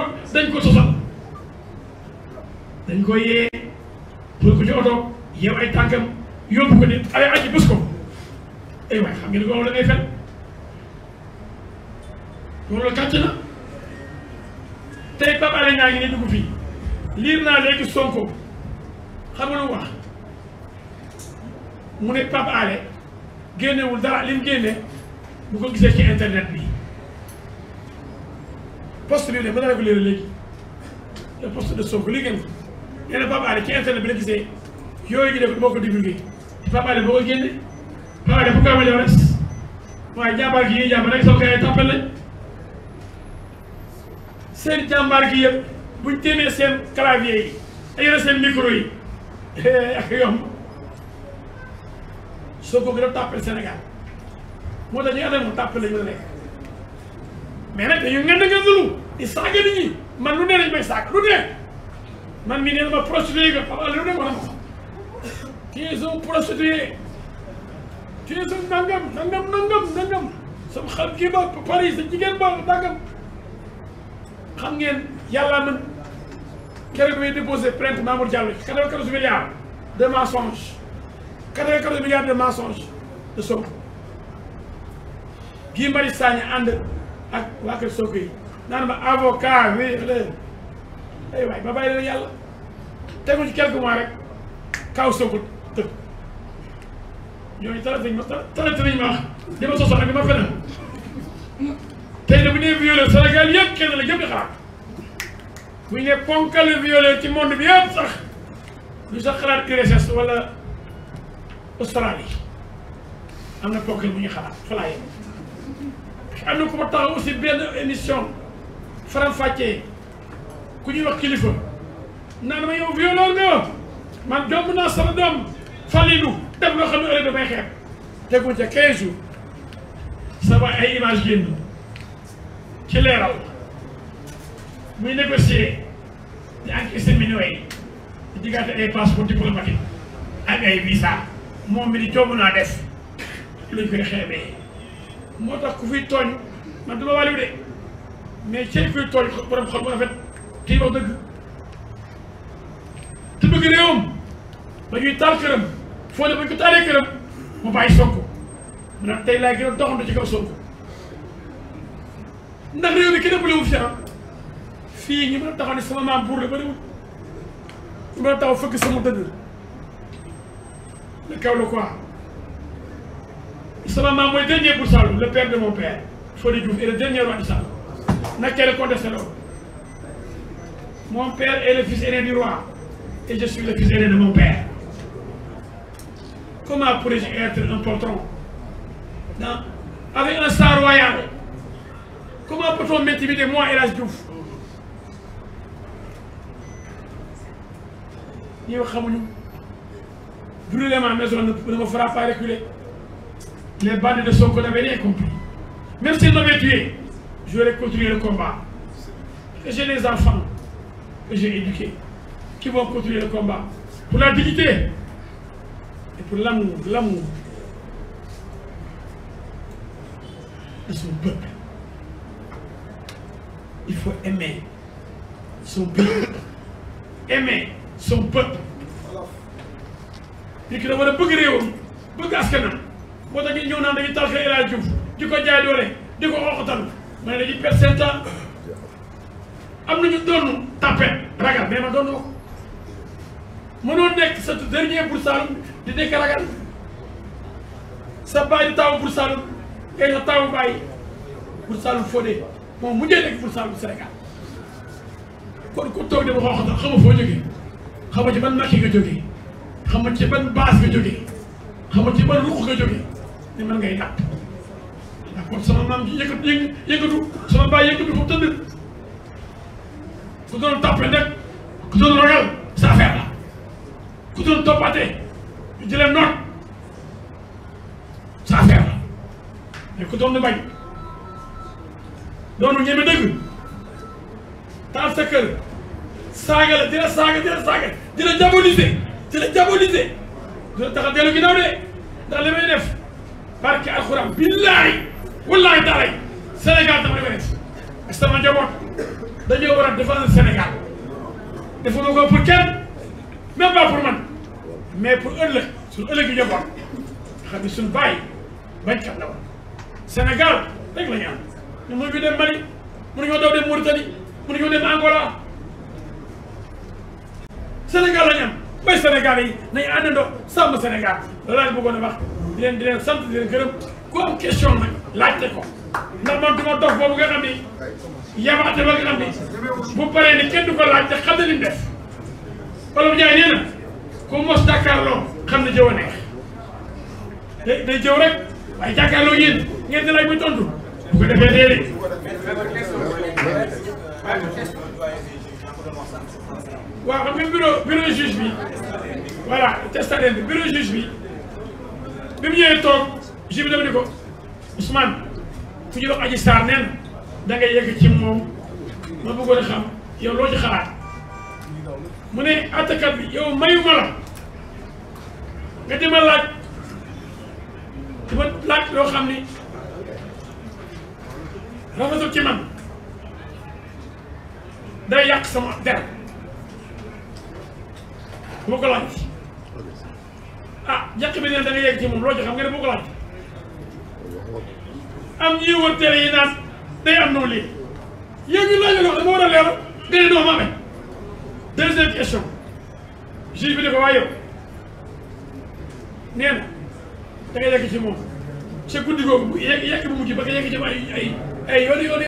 ko dañ ko sosal dañ ko yee pour ko ci oto yeew ay tànkam yóbbu ko nit ay aji bés ko ay waay xam ngeen ko loolu da ngay fen loolu kàcc na tey Pape Alé Niang ngi ne dugg fii liir naa léegi Sonko xam nga lu wax mu ne Pape génnewul dara li génne bu ko gisee ci internet bi poste bi de mën a réguler léegi le poste de Sonko liggéey nga nee na Pape Alé ci internet bi la gisee yooyu ñu def moo ko divulgué Pape Alé boo ko génne Pape Alé bu ko amalee rek waaye jàmbaar gi yi jàmbaar rek soo koy tàppal lañ seen jàmbaar gi yëpp buñ téemee seen clavier yi ay yore seen micro yi eh, ak yomb soo ko gën a tàppal Sénégal moo tax ñu ànd ak moom tàppal la ñu la nekk mais nag dañu di saaga nit ñi man lu ne lañ may saaga lu ne man mii nee na ma prostitué nga Pape Alé lu ne ma ne ma tu es un prostitué tu es un nangam nangam nangam nangam sam xam kii ba Paris sa jigéen ba nangam xam ngeen yàlla man keroog may déposé plainte Mamour Diallo ci quatre-vingt-quatorze milliards de mensonges quatre-vingt-quatorze milliards de mensonges de Sonko Guy Marius Sagna ànd ak waa kër Sonko yi naan ma avocat oui léegi ay eh, waay ba bàyyi leen yàlla tegu ci quelques mois rek kaw Sonko ma li ma sosoon ak ma feneen tey de bu ñu nee violé Sénégal yëpp kenn la ñëpp di xalaat bu ñu nee ponkal violé ci monde bi yëpp sax lu sax xalaat URSS wala Australie am na ponkal bu ñuy xalaat fa laa yem am na ku ma taxaw aussi benn émission. faram-fàccee ku ñuy wax kilifa naan ma yow violeur nga man jomb naa sama doom falilu def loo xam ne dafay xeeb teguñ ca 15 sama ay image génn ci leeral muy négocier di encaisser millions yi di diggante ay passeport diplomatique ak ay visa moom mi di jomb naa def luñ koy xeebee moo tax ku fi tooñ man du ma de. mais cey koy tooñ borom xol bu rafet kii wax dëgg te bëgg réewam ba ñuy taal këram foo ne ba ñu ko taalee këram mu bàyyi Sonko mu nag tey laay gën a doxantu ci kaw Sonko ndax réew wu fi ah fii ñu mën a taxaw ne sama maam buur la bëriwul ñu mën a taxaw fëkk sama dëgg la kaw la quoi sama maam mooy dernier buur Saloum le père de mon père na kenn contesté loolu mon père est le fils roi et je suis le fils aîné de mon père je être un poltron dans avec un star royal comment peut-on moi El Hadj Diouf ñëw xamuñu brûler ma maison ne me fera pas reculer de Sonko n'avaient rien compris même s'ils m'avaient tué je vais continuer le combat. Et j'ai les enfants que j'ai éduqués qui vont continuer le combat pour la dignité et pour l'amour, l'amour de son peuple. Il faut aimer son peuple, aimer son peuple. nit ki dafa war a bëgg réewam bëgg askanam moo tax ñu ñëw naan dañuy tax El Hadj Diouf di ko jaay doole di ko xoxatal ma ne dañuy perte seen temps am nañu doon tapet ragal mais ma doonoo ko mënoo nekk sa dernier pour Saloum di nekk ragal sa baay di taawu pour sa taawu baay pour Saloum Fodé moom mujjee nekk pour Saloum Sénégal kon ku toog dama xooxatal xam nga foo jógee xam nga ci ban makki nga jógee xam nga ci ban baas nga jógee xam nga ci ban ruux nga man ngay dàpp. man sama maam ji yëkkatu yëkkatu sama baay yëkkatu fa tëdd ku doon toppee nag ku doon ragal sa affaire la ku doon toppaatee ñu jëlee noot sa affaire la mais ku doon bañ doonu ñeme taal sa kër la dina saaga dina saaga dina diaboliser dina diaboliser dina tax a dellu ginnaaw de ndax li may barke alxuraan billaahi wallaahi dara yi Sénégal dama sama njaboot dañoo war a défendre Sénégal defuma ko pour kenn même pas pour man mais pour ëllëg suñu ëllëg yu njaboot xam ne suñu bàyyi bañkat la woon Sénégal rek la ñu am ñu mënuñu dem Mali mënuñoo daw dem Mauritanie mënuñoo Angola Sénégal la ñu am bay Sénégal yi nañu àndandoo Sénégal loolu laa bëggoon a wax di leen di leen sant question nag. laajte ko ndax man ma dox boobu nga xam ni yabaate ba nga xam ni bu paree ne kenn du ko laaj xam na li mu def Olof Njaay ku mos jàkkaarloo xam ne jëw neex day day jëw rek waaye jàkkaarloo yéen ngeen di laaj muy tontu bu ko defee déedéet. bi voilà testataire bi bi mu ñëwee toog juge bi ni ko. Ousmane fu ñuy wax Adji Sarr neen ci moom ma bëggoon a xam yow loo ci xalaat mu ne attakat bi yow mayu nga dima laaj di ma laaj loo xam ni rafetul ci man day yàq sama der boo ah yàq bi neen da nga ci moom loo ci xam nga ne am ñuy wër télé yi naan day am noonu lii yéen ñu laaj la wax a leeral nga ne doo ma amee deuxième question juge bi ne ko waaye yow nee na da nga yegg ci moom googu yegg yegg bu mujj ba nga yegg ci ay ay ay